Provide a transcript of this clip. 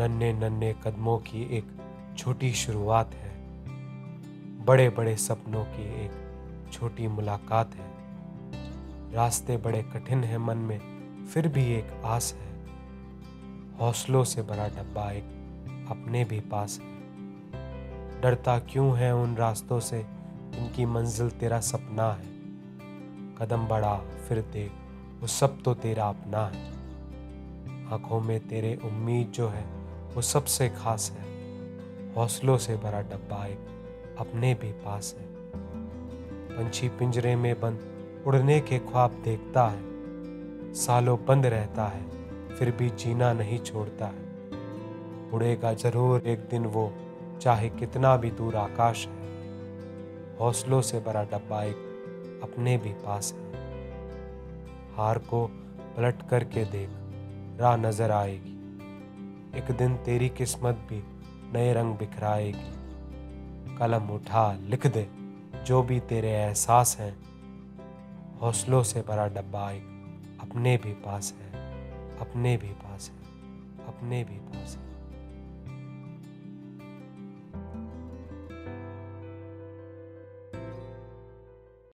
नन्हे नन्हे कदमों की एक छोटी शुरुआत है बड़े बड़े सपनों की एक छोटी मुलाकात है रास्ते बड़े कठिन हैं मन में फिर भी एक आस है हौसलों से भरा डब्बा एक अपने भी पास है डरता क्यों है उन रास्तों से इनकी मंजिल तेरा सपना है कदम बढ़ा फिर देख वो सब तो तेरा अपना है आंखों में तेरे उम्मीद जो है वो सबसे खास है हौसलों से भरा डब्बा एक अपने भी पास है पंछी पिंजरे में बंद उड़ने के ख्वाब देखता है सालों बंद रहता है फिर भी जीना नहीं छोड़ता है उड़ेगा जरूर एक दिन वो चाहे कितना भी दूर आकाश है हौसलों से भरा डब्बा एक अपने भी पास है हार को पलट करके देख राह नजर आएगी एक दिन तेरी किस्मत भी नए रंग बिखराएगी कलम उठा लिख दे जो भी तेरे एहसास हैं हौसलों से भरा डब्बा एक अपने भी पास है अपने भी पास है अपने भी पास है